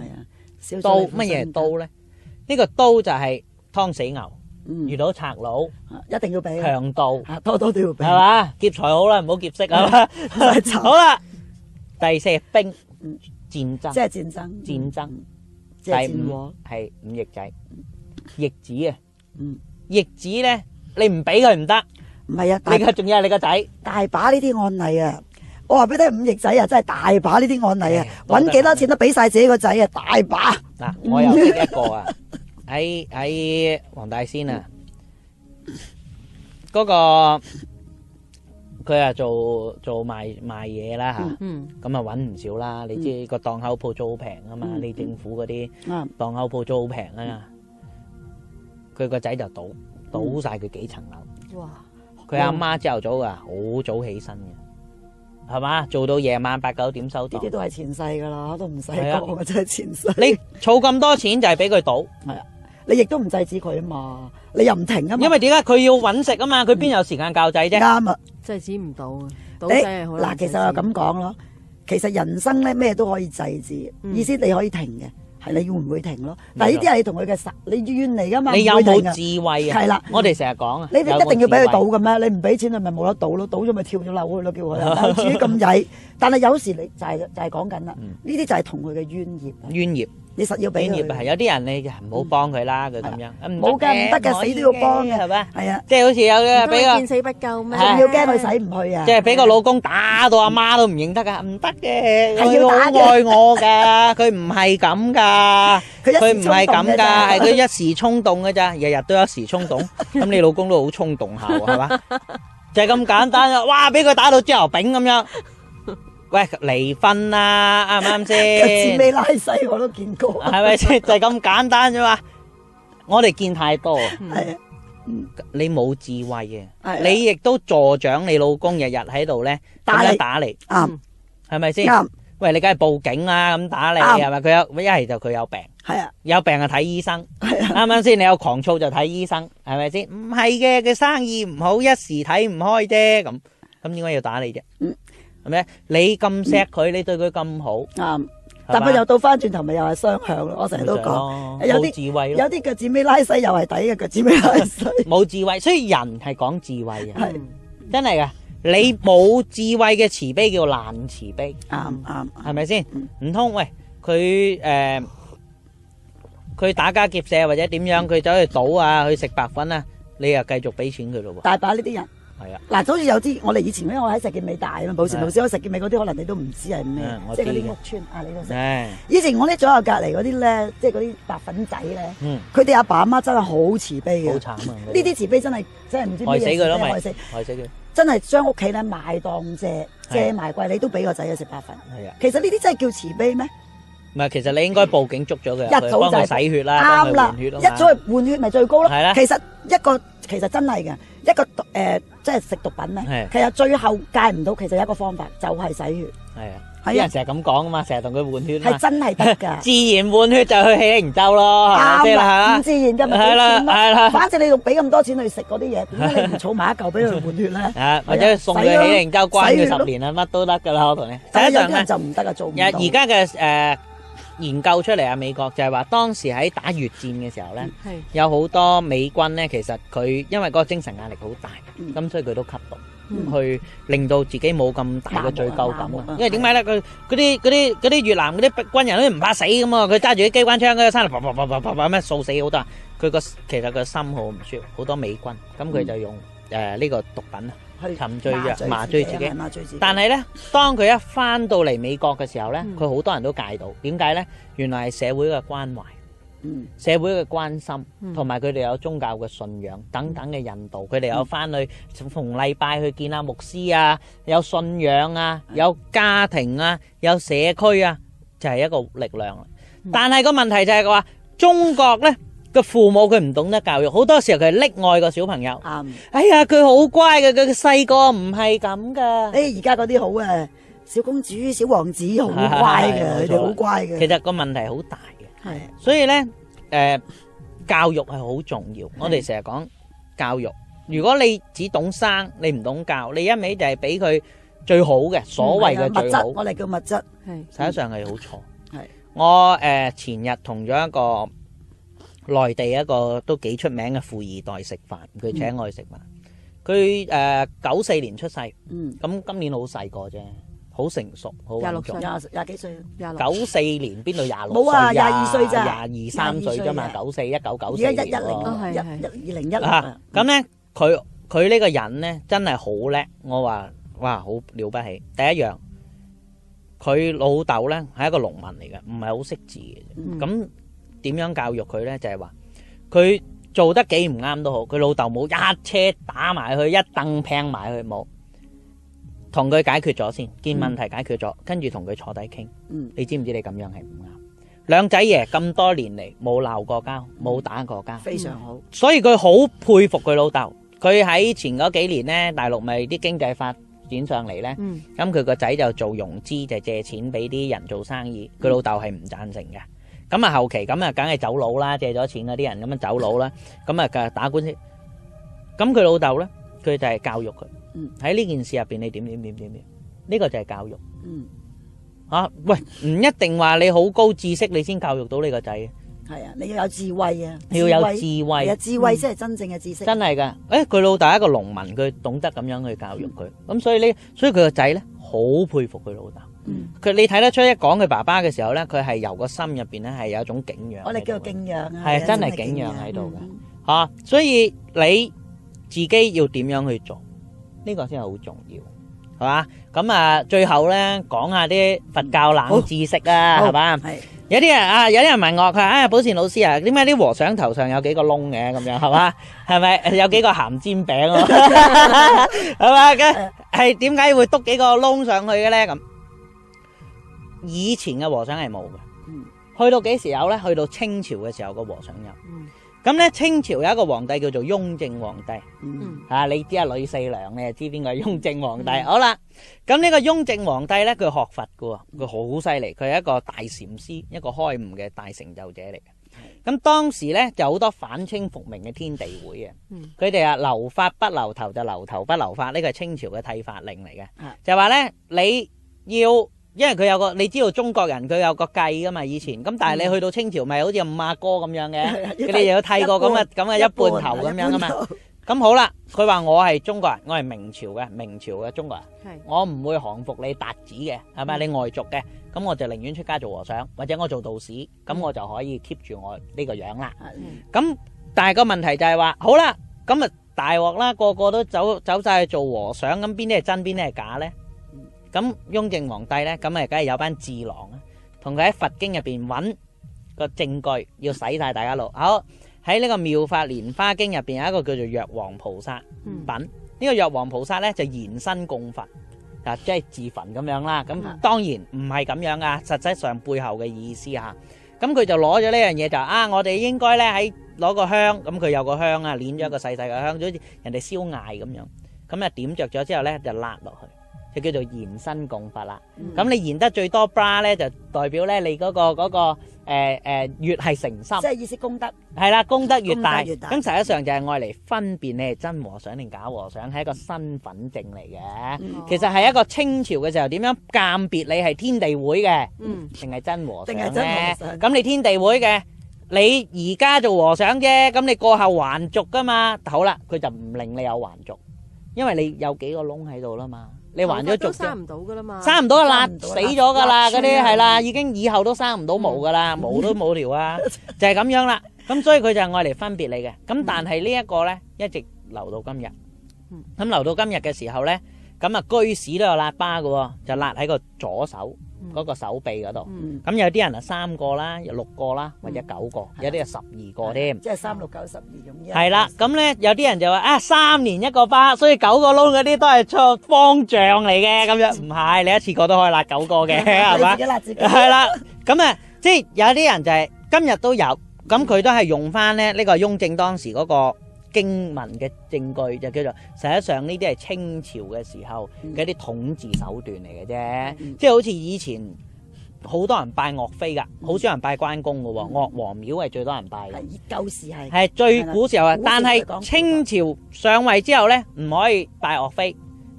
啊，刀，乜嘢刀咧？呢個刀就係劏死牛。遇到賊佬，一定要俾強盜，多多都要俾係嘛？劫財好啦，唔好劫色啊！好啦，第四係兵，戰爭，即係戰爭，戰爭。第五係五翼仔，翼子啊，嗯，翼子咧，你唔俾佢唔得，唔係啊，大家仲有你個仔，大把呢啲案例啊，我話俾你五翼仔啊，真係大把呢啲案例啊，揾幾多錢都俾晒自己個仔啊，大把。嗱，我又係一個啊。喺喺黃大仙啊，嗰個佢啊做做賣賣嘢啦吓，咁啊搵唔少啦。你知個檔口鋪租好平啊嘛，你政府嗰啲檔口鋪租好平啊嘛。佢個仔就賭賭晒佢幾層樓。哇！佢阿媽朝頭早啊，好早起身嘅，係嘛？做到夜晚八九點收。呢啲都係前世噶啦，都唔使講，真係前世。你儲咁多錢就係俾佢賭，係啊。你亦都唔制止佢啊嘛，你又唔停啊嘛？因為點解佢要揾食啊嘛，佢邊有時間教仔啫？啱啊，真係止唔到啊！嗱，其實我咁講咯，其實人生咧咩都可以制止，意思你可以停嘅，係你會唔會停咯？但係呢啲係你同佢嘅實，你怨嚟噶嘛，你有冇智慧啊？係啦，我哋成日講啊，你哋一定要俾佢賭嘅咩？你唔俾錢佢咪冇得賭咯，賭咗咪跳咗樓去咯，叫佢賭主咁曳。但係有時你就係就係講緊啦，呢啲就係同佢嘅冤孽。冤孽。你實要俾佢係，有啲人你唔好幫佢啦，佢咁樣唔好嘅，唔得嘅，死都要幫嘅，係咪？係啊，即係好似有俾個見死不救咩？仲要驚佢死唔去啊！即係俾個老公打到阿媽都唔認得啊！唔得嘅，佢好愛我㗎，佢唔係咁㗎，佢一唔係咁㗎，係佢一時衝動㗎咋，日日都一時衝動。咁你老公都好衝動下喎，係嘛？就係咁簡單啦！哇，俾佢打到豬頭炳咁樣。喂，離婚啦，啱唔啱先？未拉細我都見過，係咪先就咁簡單啫嘛？我哋 見太多 porte，係你冇智慧嘅，你亦都助長你老公日日喺度咧，咁樣打你，啱係咪先？喂， 你梗係報警啊，咁打你係咪？佢有一係就佢有病，係啊，有病就睇醫生，啱啱先？你有狂躁就睇醫生，係咪先？唔係嘅，佢生意唔好一時睇唔開啫，咁咁點解要打你啫？係咪？你咁錫佢，你對佢咁好，啱。但佢又到翻轉頭，咪又係雙向咯。我成日都講，有啲智慧，有啲腳趾尾拉細又係抵嘅腳趾尾拉細，冇智慧。所以人係講智慧啊，真係噶。你冇智慧嘅慈悲叫爛慈悲，啱啱係咪先？唔通喂佢誒，佢打家劫舍，或者點樣，佢走去賭啊，去食白粉啊，你又繼續俾錢佢咯？大把呢啲人。係啊，嗱，好似有啲我哋以前咧，我喺石硤尾大啊嘛，寶善老師，我石硤尾嗰啲可能你都唔知係咩，即係嗰啲屋村啊，你都知，以前我咧左右隔籬嗰啲咧，即係嗰啲白粉仔咧，佢哋阿爸阿媽真係好慈悲嘅。好慘啊！呢啲慈悲真係，真係唔知害死佢咯咪？害死佢！真係將屋企咧賣當借，借埋貴，你都俾個仔去食白粉。係啊。其實呢啲真係叫慈悲咩？唔係，其實你應該報警捉咗佢，幫佢洗血啦，啱啦，一再換血咪最高咯。係啦。其實一個其實真係嘅。一個毒誒，即係食毒品咧。其實最後戒唔到，其實一個方法，就係洗血。係啊，啲人成日咁講啊嘛，成日同佢換血。係真係得噶，自然換血就去喜靈洲咯，啱啦，係啦，係啦，反正你仲俾咁多錢去食嗰啲嘢，點解你唔儲埋一嚿俾佢換血咧？啊，或者送佢喜靈洲，關佢十年啊，乜都得噶啦，我同你。實際上就唔得噶，做唔到。而家嘅誒。研究出嚟啊！美國就係話當時喺打越戰嘅時候咧、嗯，有好多美軍咧，其實佢因為嗰個精神壓力好大，咁、嗯、所以佢都吸毒、嗯、去令到自己冇咁大嘅罪疚感。嗯、因為點解咧？佢啲啲啲越南嗰啲軍人都唔怕死咁啊！佢揸住啲機關槍，佢喺山度啪啪啪啪啪咩掃死好多人。佢個其實個心好唔舒服，好多美軍咁佢就用誒呢、嗯呃呢個毒品啊。沉醉藥麻醉自己，但係呢，當佢一返到嚟美國嘅時候呢，佢好多人都戒到。點解呢？原來係社會嘅關懷，社會嘅關心，同埋佢哋有宗教嘅信仰等等嘅引導，佢哋有返去逢禮拜去見阿牧師啊，有信仰啊，有家庭啊，有社區啊，就係一個力量。但係個問題就係話中國呢。個父母佢唔懂得教育，好多時候佢係溺愛個小朋友。啱，哎呀，佢好乖嘅，佢佢細個唔係咁噶。誒，而家嗰啲好啊，小公主、小王子好乖嘅，佢哋好乖嘅。其實個問題係好大嘅。係，所以咧，誒，教育係好重要。我哋成日講教育，如果你只懂生，你唔懂教，你一味就係俾佢最好嘅，所謂嘅最好，我哋嘅物質係，實際上係好錯。係，我誒前日同咗一個內地一個都幾出名嘅富二代食飯，佢請我去食飯。佢誒九四年出世，嗯，咁今年好細個啫，好成熟，好穩重，廿幾歲，廿九四年邊度廿六歲，冇啊，廿二歲咋，廿二三歲啫嘛，九四一九九四年。一一零一，一、哦、零一。嗱、啊，咁咧、嗯，佢佢呢個人咧真係好叻，我話哇，好了不起。第一樣，佢老豆咧係一個農民嚟嘅，唔係好識字嘅，咁、嗯。嗯。點樣教育佢呢？就係話佢做得幾唔啱都好，佢老豆冇一車打埋佢，一凳拼埋佢冇，同佢解決咗先，見問題解決咗，跟住同佢坐低傾。嗯，你知唔知你咁樣係唔啱？兩仔爺咁多年嚟冇鬧過交，冇打過交，非常好。所以佢好佩服佢老豆。佢喺前嗰幾年呢，大陸咪啲經濟發展上嚟呢，咁佢個仔就做融資，就借錢俾啲人做生意，佢老豆係唔贊成嘅。咁啊，後期咁啊，梗係走佬啦，借咗錢嗰啲人咁樣走佬啦。咁啊，打官司。咁佢老豆咧，佢就係教育佢。喺呢、嗯、件事入邊，你點點點點點？呢個就係教育。吓、嗯啊，喂，唔一定話你好高知識，你先教育到你個仔嘅。係啊，你要有智慧啊，要有，有智慧，智慧有智慧先係真正嘅知識。真係噶，誒、哎，佢老豆係一個農民，佢懂得咁樣去教育佢。咁、嗯、 所以呢，所以佢個仔咧，好佩服佢老豆。佢你睇得出，一講佢爸爸嘅時候咧，佢係由個心入邊咧係有一種敬仰。我哋叫做敬仰啊，係真係敬仰喺度嘅，吓。所以你自己要點樣去做呢個先係好重要，係嘛？咁啊，最後咧講下啲佛教冷知識啊，係嘛？係有啲人啊，有啲人問我，佢話啊，寶善老師啊，點解啲和尚頭上有幾個窿嘅咁樣，係嘛？係咪有幾個鹹煎餅啊？係嘛？咁係點解會篤幾個窿上去嘅咧咁？以前嘅和尚係冇嘅，去到幾時有呢？去到清朝嘅時候，個和尚有，咁呢，清朝有一個皇帝叫做雍正皇帝，嗯，你知阿呂四娘，你知邊個係雍正皇帝。好啦，咁呢個雍正皇帝呢，佢學佛嘅，佢好犀利，佢係一個大禪師，一個開悟嘅大成就者嚟嘅。咁當時呢，就好多反清復明嘅天地會嘅，佢哋啊留髮不留頭，就留頭不留髮。呢個係清朝嘅剃髮令嚟嘅，就話呢，你要。因為佢有個，你知道中國人佢有個計噶嘛，以前咁，但係你去到清朝咪，好似五阿哥咁樣嘅，佢哋、嗯、又要剃個咁嘅咁嘅一半頭咁樣噶嘛？咁好啦，佢話我係中國人，我係明朝嘅明朝嘅中國人，是我唔會降服你韃子嘅，係咪、嗯、你外族嘅？咁我就寧願出家做和尚或者我做道士，咁我就可以 keep 住我呢個樣啦。咁、嗯、但係個問題就係話，好啦，咁啊大鑊啦，個個都走走晒去做和尚，咁邊啲係真，邊啲係假咧？咁雍正皇帝咧，咁咪梗係有班智囊啊，同佢喺佛經入邊揾個證據，要洗晒大家腦。好喺呢、這個妙法蓮花經入邊有一個叫做藥王菩薩品，呢、嗯，這個藥王菩薩咧就延伸供佛，啊即係自焚咁樣啦。咁當然唔係咁樣噶，實際上背後嘅意思啊，咁佢就攞咗呢樣嘢就啊，我哋應該咧喺攞個香，咁佢有個香啊，捻咗一個細細個香，好似人哋燒艾咁樣，咁啊點着咗之後咧就焫落去。就叫做燃身供佛啦。咁你燃得最多 bra 咧，就代表咧你嗰個嗰個誒誒越係誠心，即係意識功德係啦，功德越大越大。咁實際上就係愛嚟分辨你係真和尚定假和尚，係一個身份證嚟嘅。其實係一個清朝嘅時候點樣鑑別你係天地會嘅，定係真和尚咧？咁你天地會嘅，你而家做和尚啫。咁你過後還俗噶嘛？好啦，佢就唔令你有還俗，因為你有幾個窿喺度啦嘛。你還咗仲生唔到噶啦嘛，生唔到就辣死咗噶啦，嗰啲係啦，的已經以後都生唔到毛噶啦，嗯、毛都冇條啊。 就係咁樣啦。咁所以佢就係愛嚟分別你嘅。咁但係呢一個咧，一直留到今日。咁留到今日嘅時候咧。咁啊，居士都有喇巴嘅，就喇喺個左手嗰個手臂嗰度。咁有啲人啊，三個啦，有六個啦，或者九個，有啲啊十二個添。即係三六九十二咁樣。係啦，咁咧有啲人就話啊，三年一個巴，所以九個窿嗰啲都係出方丈嚟嘅咁樣。唔係，你一次過都可以喇九個嘅，係嘛？係啦，咁啊，即係有啲人就係今日都有，咁佢都係用翻咧，呢個雍正當時嗰個。經文嘅證據就叫做，實際上呢啲係清朝嘅時候嘅一啲統治手段嚟嘅啫，嗯、即係好似以前好多人拜岳飛噶，好、嗯、少人拜關公噶，岳、嗯、王廟係最多人拜嘅。舊時係係最古時候啊，的但係清朝上位之後咧，唔可以拜岳飛，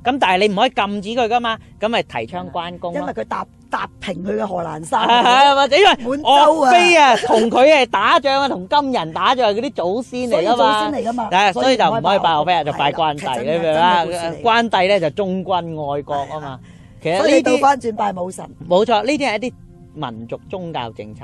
咁但係你唔可以禁止佢噶嘛，咁咪提倡關公咯。踏平佢嘅賀蘭山，或者因為滿洲啊，岳飛啊，同佢係打仗啊，同金人打仗嗰啲祖先嚟噶嘛，所以就唔可以拜岳飛，就拜關帝啦。關帝咧就忠君愛國啊嘛，其實呢啲倒轉頭拜武神，冇錯，呢啲係一啲民族宗教政策，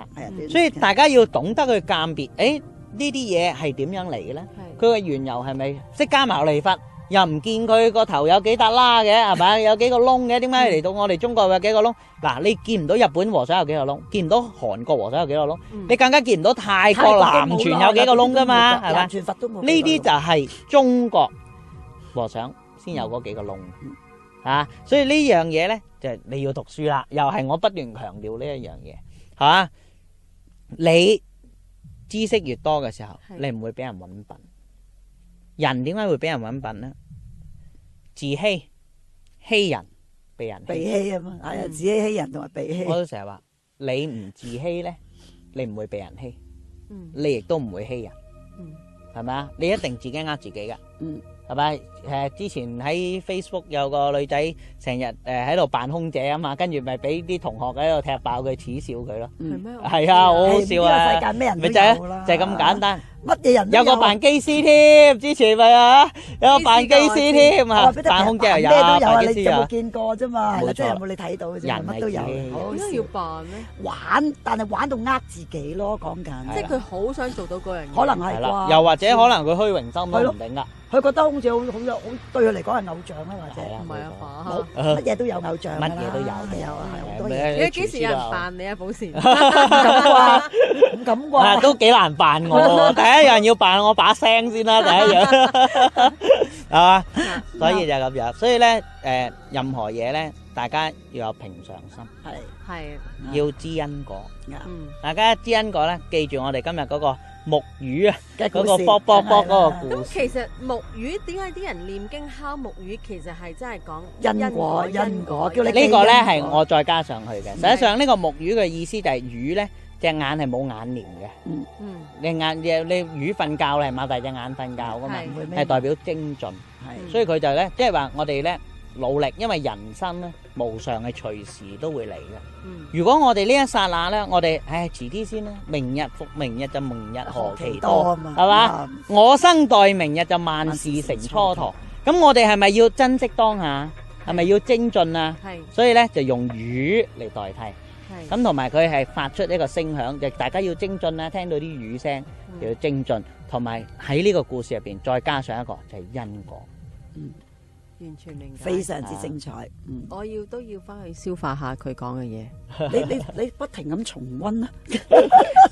所以大家要懂得去鑑別，誒呢啲嘢係點樣嚟嘅咧？佢嘅緣由係咪釋迦牟尼佛？又唔見佢個頭有幾笪啦嘅，係咪？有幾個窿嘅？點解嚟到我哋中國有幾個窿？嗱，你見唔到日本和尚有幾個窿？見唔到韓國和尚有幾個窿？你更加見唔到泰國南傳有幾個窿噶嘛？係咪？南傳佛都冇。呢啲就係中國和尚先有嗰幾個窿啊！所以呢樣嘢呢，就係你要讀書啦。又係我不斷強調呢一樣嘢，係嘛？你知識越多嘅時候，你唔會俾人搵笨。人點解會俾人搵笨咧？自欺欺人，被人被欺啊嘛！哎呀，自欺欺人同埋被欺。我都成日話，你唔自欺咧，你唔會被人欺，你亦都唔會欺人，係咪啊？你一定自己呃自己噶，係咪？誒，之前喺 Facebook 有個女仔，成日誒喺度扮空姐啊嘛，跟住咪俾啲同學喺度踢爆佢，恥笑佢咯，係啊，好好笑啊！世界咩人咪就係咁簡單。乜嘢人？有個扮機師添，之前咪啊，有個扮機師添吓，扮空姐又有咩都有啊，你就冇見過啫嘛，冇即係冇你睇到啫，乜都有，點解要扮咧？玩，但係玩到呃自己咯，講緊，即係佢好想做到個人，可能係啩，又或者可能佢虛榮心唔定啦，佢覺得空姐好好好，對佢嚟講係偶像啊，或者唔係啊嘛，冇乜嘢都有偶像，乜嘢都有，係啊，係好多嘢。幾時有人扮你啊？寶善，咁啩，咁啩，都幾難扮我。一樣要扮我把聲先啦，第一樣係嘛，所以就咁樣。所以咧，誒，任何嘢咧，大家要有平常心，係係，要知因果。大家知因果咧，記住我哋今日嗰個木魚啊，嗰個卜卜卜嗰個故事。咁其實木魚點解啲人念經敲木魚，其實係真係講因果因果。呢個咧係我再加上去嘅。實際上呢個木魚嘅意思就係魚咧。隻眼係冇眼簾嘅，嗯嗯，你眼你，你魚瞓覺咧，擘大隻眼瞓覺噶嘛，係代表精進，係、嗯，所以佢就咧，即係話我哋咧，努力，因為人生咧無常，係隨時都會嚟嘅。嗯、如果我哋呢一刹那咧，我哋唉遲啲先啦、啊，明日復明日就明日何其多，係嘛？我生待明日就萬事成蹉跎。咁我哋係咪要珍惜當下？係咪要精進持日啊？係 lay，所以咧就用魚嚟代替。咁同埋佢係發出呢個聲響，就大家要精進啦、啊，聽到啲雨聲就要精進，同埋喺呢個故事入邊再加上一個就係、是、因果。嗯。完全理解，非常之精彩。我要都要翻去消化下佢講嘅嘢。你你你不停咁重溫啦。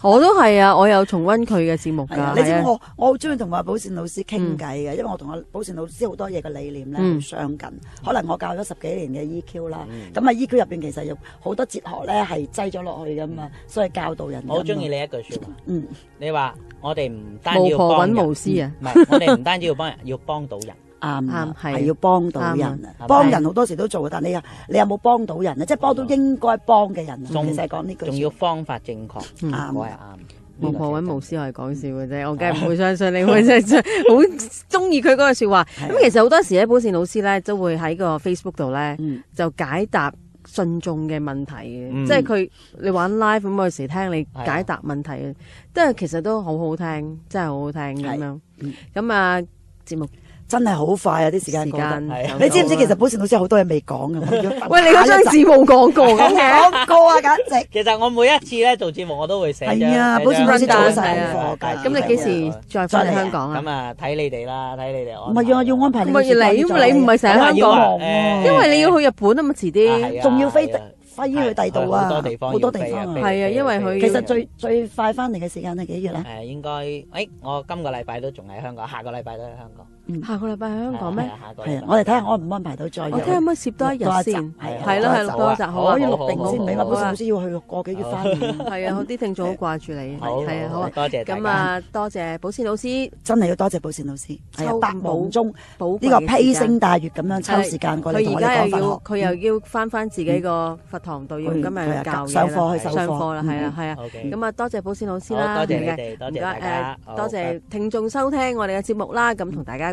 我都係啊，我有重溫佢嘅節目噶。你知我我好中意同阿寶善老師傾偈嘅，因為我同阿寶善老師好多嘢嘅理念咧，好相近。可能我教咗十幾年嘅 EQ 啦，咁啊 EQ 入邊其實有好多哲學咧，係擠咗落去噶嘛。所以教導人，我好中意你一句說話。嗯，你話我哋唔單止要幫人，唔係我哋唔單止要幫人，要幫到人。啱，啱，係要幫到人，幫人好多時都做，但你你有冇幫到人啊？即係幫到應該幫嘅人啊！淨係講呢句，仲要方法正確，啱係啱。冇我搵無師係講笑嘅啫，我梗係唔會相信你會真係好中意佢嗰個說話。咁其實好多時咧，寶善老師咧都會喺個 Facebook 度咧就解答信眾嘅問題嘅，即係佢你玩 live 咁嗰時聽你解答問題，都係其實都好好聽，真係好好聽咁樣。咁啊節目，真係好快啊！啲時間，你知唔知其實寶善老師好多嘢未講嘅？喂，你嗰張字冇講過，冇講過啊！簡直，其實我每一次咧做節目我都會寫張寶善老師早晒，咁你幾時再翻嚟香港啊？咁啊，睇你哋啦，睇你哋我唔係啊！要安排你嚟，因為你唔係成日香港，因為你要去日本啊嘛，遲啲仲要飛得飛去第度啊！好多地方，好多地方，係啊！因為佢其實最最快翻嚟嘅時間係幾月咧？誒，應該誒，我今個禮拜都仲喺香港，下個禮拜都喺香港。嗯，下個禮拜喺香港咩？係啊，我哋睇下，我唔安排到再。我睇下可唔可以攝多一日先？係啊，係啦，係啦，多一集好。可以錄定我先俾我寶善老師要去錄個幾月翻嚟。係啊，啲聽眾好掛住你。係啊，好啊，多謝大家。咁啊，多謝寶善老師。真係要多謝寶善老師，百忙中補呢個披星戴月咁樣抽時間過嚟同我哋講佛學。佢而家要，佢又要翻翻自己個佛堂度要今日教上課去授課啦。係啊，係啊。咁啊，多謝寶善老師啦，多謝你哋。唔該，多謝聽眾收聽我哋嘅節目啦，咁同大家。